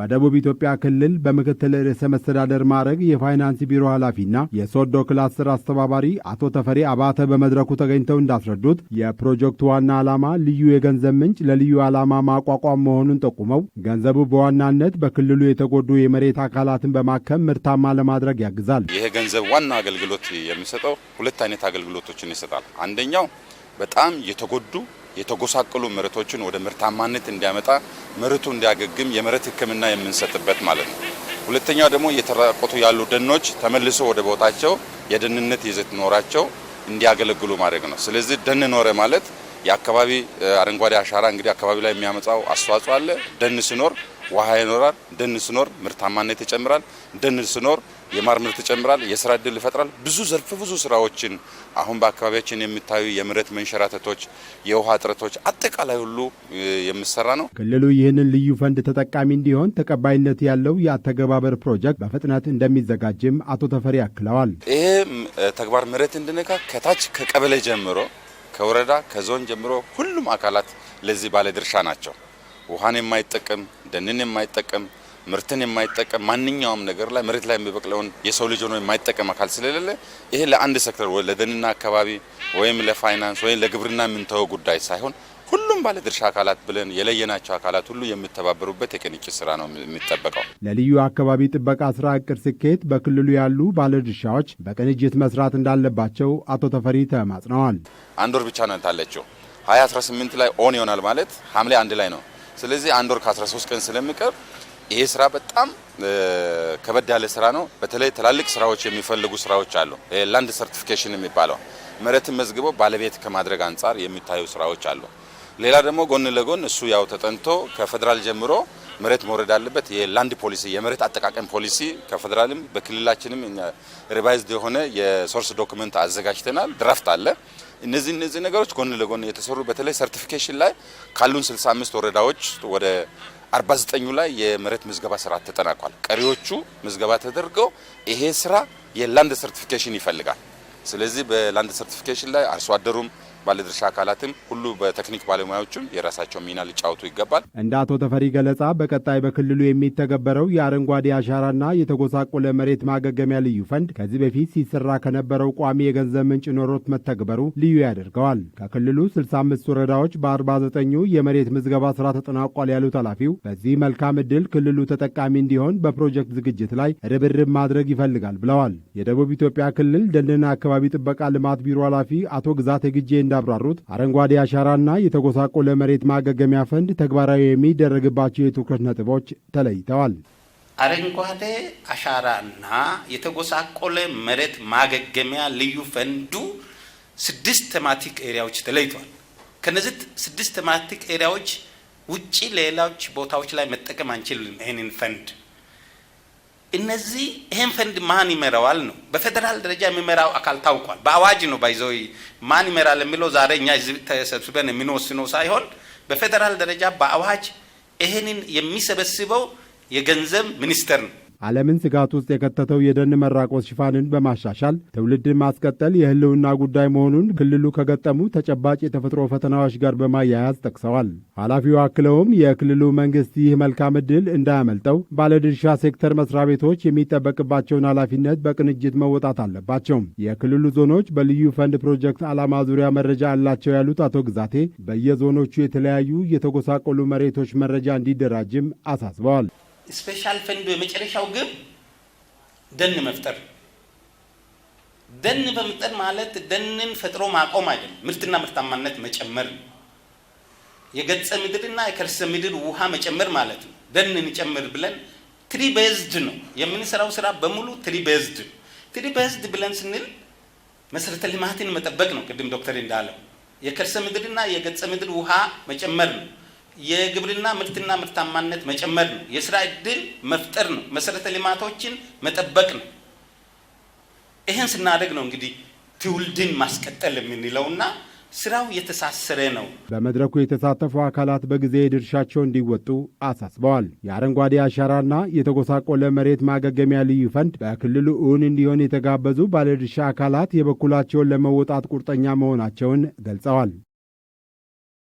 በደቡብ ኢትዮጵያ ክልል በምክትል ርዕሰ መስተዳደር ማዕረግ የፋይናንስ ቢሮ ኃላፊና የሶዶ ክላስተር አስተባባሪ አቶ ተፈሪ አባተ በመድረኩ ተገኝተው እንዳስረዱት የፕሮጀክቱ ዋና ዓላማ ልዩ የገንዘብ ምንጭ ለልዩ ዓላማ ማቋቋም መሆኑን ጠቁመው ገንዘቡ በዋናነት በክልሉ የተጎዱ የመሬት አካላትን በማከም ምርታማ ለማድረግ ያግዛል። ይህ ገንዘብ ዋና አገልግሎት የሚሰጠው ሁለት አይነት አገልግሎቶችን ይሰጣል። አንደኛው በጣም የተጎዱ የተጎሳቀሉ ምርቶችን ወደ ምርታማነት እንዲያመጣ ምርቱ እንዲያገግም የመሬት ሕክምና የምንሰጥበት ማለት ነው። ሁለተኛው ደግሞ እየተራቆቱ ያሉ ደኖች ተመልሶ ወደ ቦታቸው የደህንነት ይዘት ኖራቸው እንዲያገለግሉ ማድረግ ነው። ስለዚህ ደን ኖረ ማለት የአካባቢ አረንጓዴ አሻራ እንግዲህ አካባቢ ላይ የሚያመጣው አስተዋጽኦ አለ። ደን ሲኖር ውሃ ይኖራል። ደን ስኖር ምርታማነት ይጨምራል። ደን ስኖር የማር ምርት ይጨምራል። የስራ እድል ይፈጥራል። ብዙ ዘርፍ ብዙ ስራዎችን አሁን በአካባቢያችን የሚታዩ የመሬት መንሸራተቶች፣ የውሃ እጥረቶች አጠቃላይ ሁሉ የሚሰራ ነው። ክልሉ ይህንን ልዩ ፈንድ ተጠቃሚ እንዲሆን ተቀባይነት ያለው የአተገባበር ፕሮጀክት በፍጥነት እንደሚዘጋጅም አቶ ተፈሪ አክለዋል። ይሄ ተግባር መሬት እንድነካ ከታች ከቀበሌ ጀምሮ ከወረዳ ከዞን ጀምሮ ሁሉም አካላት ለዚህ ባለድርሻ ናቸው። ውሃን የማይጠቀም ደንን የማይጠቀም ምርትን የማይጠቀም ማንኛውም ነገር ላይ መሬት ላይ የሚበቅለውን የሰው ልጅ ሆኖ የማይጠቀም አካል ስለሌለ ይሄ ለአንድ ሴክተር ወይ ለደንና አካባቢ ወይም ለፋይናንስ ወይም ለግብርና የምንተወ ጉዳይ ሳይሆን ሁሉም ባለድርሻ አካላት ብለን የለየናቸው አካላት ሁሉ የሚተባበሩበት የቅንጅት ስራ ነው የሚጠበቀው። ለልዩ አካባቢ ጥበቃ ስራ እቅድ ስኬት በክልሉ ያሉ ባለድርሻዎች በቅንጅት መስራት እንዳለባቸው አቶ ተፈሪ ተማጽነዋል። አንድ ወር ብቻ ነው ታለችው 2018 ላይ ኦን ይሆናል ማለት ሐምሌ አንድ ላይ ነው ስለዚህ አንድ ወር ከ13 ቀን ስለሚቀር ይሄ ስራ በጣም ከበድ ያለ ስራ ነው። በተለይ ትላልቅ ስራዎች የሚፈልጉ ስራዎች አሉ። ላንድ ሰርቲፊኬሽን የሚባለው መሬትን መዝግቦ ባለቤት ከማድረግ አንጻር የሚታዩ ስራዎች አሉ። ሌላ ደግሞ ጎን ለጎን እሱ ያው ተጠንቶ ከፌዴራል ጀምሮ መሬት መውረድ አለበት። የላንድ ፖሊሲ የመሬት አጠቃቀም ፖሊሲ ከፌዴራልም በክልላችንም ሪቫይዝድ የሆነ የሶርስ ዶክመንት አዘጋጅተናል። ድራፍት አለ። እነዚህ እነዚህ ነገሮች ጎን ለጎን የተሰሩ በተለይ ሰርቲፊኬሽን ላይ ካሉን 65 ወረዳዎች ወደ 49ኙ ላይ የመሬት ምዝገባ ስራ ተጠናቋል። ቀሪዎቹ ምዝገባ ተደርገው ይሄ ስራ የላንድ ሰርቲፊኬሽን ይፈልጋል። ስለዚህ በላንድ ሰርቲፊኬሽን ላይ አርሶ አደሩም ባለድርሻ አካላትም ሁሉ በቴክኒክ ባለሙያዎችም የራሳቸው ሚና ሊጫወቱ ይገባል። እንደ አቶ ተፈሪ ገለጻ በቀጣይ በክልሉ የሚተገበረው የአረንጓዴ አሻራና የተጎሳቆለ መሬት ማገገሚያ ልዩ ፈንድ ከዚህ በፊት ሲሰራ ከነበረው ቋሚ የገንዘብ ምንጭ ኖሮት መተግበሩ ልዩ ያደርገዋል። ከክልሉ 65 ወረዳዎች በ49ኙ የመሬት ምዝገባ ስራ ተጠናቋል ያሉት ኃላፊው በዚህ መልካም ዕድል ክልሉ ተጠቃሚ እንዲሆን በፕሮጀክት ዝግጅት ላይ ርብርብ ማድረግ ይፈልጋል ብለዋል። የደቡብ ኢትዮጵያ ክልል ደንና አካባቢ ጥበቃ ልማት ቢሮ ኃላፊ አቶ ግዛት የግጄ እንዳብራሩት አረንጓዴ አሻራና የተጎሳቆለ መሬት ማገገሚያ ፈንድ ተግባራዊ የሚደረግባቸው የትኩረት ነጥቦች ተለይተዋል። አረንጓዴ አሻራና የተጎሳቆለ መሬት ማገገሚያ ልዩ ፈንዱ ስድስት ቴማቲክ ኤሪያዎች ተለይቷል። ከነዚህ ስድስት ቴማቲክ ኤሪያዎች ውጪ ሌሎች ቦታዎች ላይ መጠቀም አንችልም ይህንን ፈንድ እነዚህ ይህን ፈንድ ማን ይመራዋል ነው። በፌደራል ደረጃ የሚመራው አካል ታውቋል። በአዋጅ ነው ባይዘ ማን ይመራል የሚለው ዛሬ እኛ ተሰብስበን የምንወስነው ሳይሆን በፌደራል ደረጃ በአዋጅ ይህንን የሚሰበስበው የገንዘብ ሚኒስቴር ነው። ዓለምን ስጋት ውስጥ የከተተው የደን መራቆት ሽፋንን በማሻሻል ትውልድን ማስቀጠል የህልውና ጉዳይ መሆኑን ክልሉ ከገጠሙ ተጨባጭ የተፈጥሮ ፈተናዎች ጋር በማያያዝ ጠቅሰዋል። ኃላፊው አክለውም የክልሉ መንግስት ይህ መልካም ዕድል እንዳያመልጠው ባለድርሻ ሴክተር መስሪያ ቤቶች የሚጠበቅባቸውን ኃላፊነት በቅንጅት መወጣት አለባቸው። የክልሉ ዞኖች በልዩ ፈንድ ፕሮጀክት ዓላማ ዙሪያ መረጃ አላቸው ያሉት አቶ ግዛቴ በየዞኖቹ የተለያዩ የተጎሳቆሉ መሬቶች መረጃ እንዲደራጅም አሳስበዋል። ስፔሻል ፈንድ የመጨረሻው ግብ ደን መፍጠር። ደን በመፍጠር ማለት ደንን ፈጥሮ ማቆም አይደለም፣ ምርትና ምርታማነት መጨመር ነው። የገጸ ምድርና የከርሰ ምድር ውሃ መጨመር ማለት ነው። ደን እንጨምር ብለን ትሪ በዝድ ነው የምንሰራው ስራ በሙሉ ትሪ በዝድ ነው። ትሪ በዝድ ብለን ስንል መሰረተ ልማትን መጠበቅ ነው። ቅድም ዶክተር እንዳለው የከርሰ ምድርና የገጸ ምድር ውሃ መጨመር ነው። የግብርና ምርትና ምርታማነት መጨመር ነው። የስራ እድል መፍጠር ነው። መሰረተ ልማቶችን መጠበቅ ነው። ይህን ስናደግ ነው እንግዲህ ትውልድን ማስቀጠል የምንለውና ስራው የተሳሰረ ነው። በመድረኩ የተሳተፉ አካላት በጊዜ ድርሻቸው እንዲወጡ አሳስበዋል። የአረንጓዴ አሻራና የተጎሳቆለ መሬት ማገገሚያ ልዩ ፈንድ በክልሉ እውን እንዲሆን የተጋበዙ ባለድርሻ አካላት የበኩላቸውን ለመወጣት ቁርጠኛ መሆናቸውን ገልጸዋል።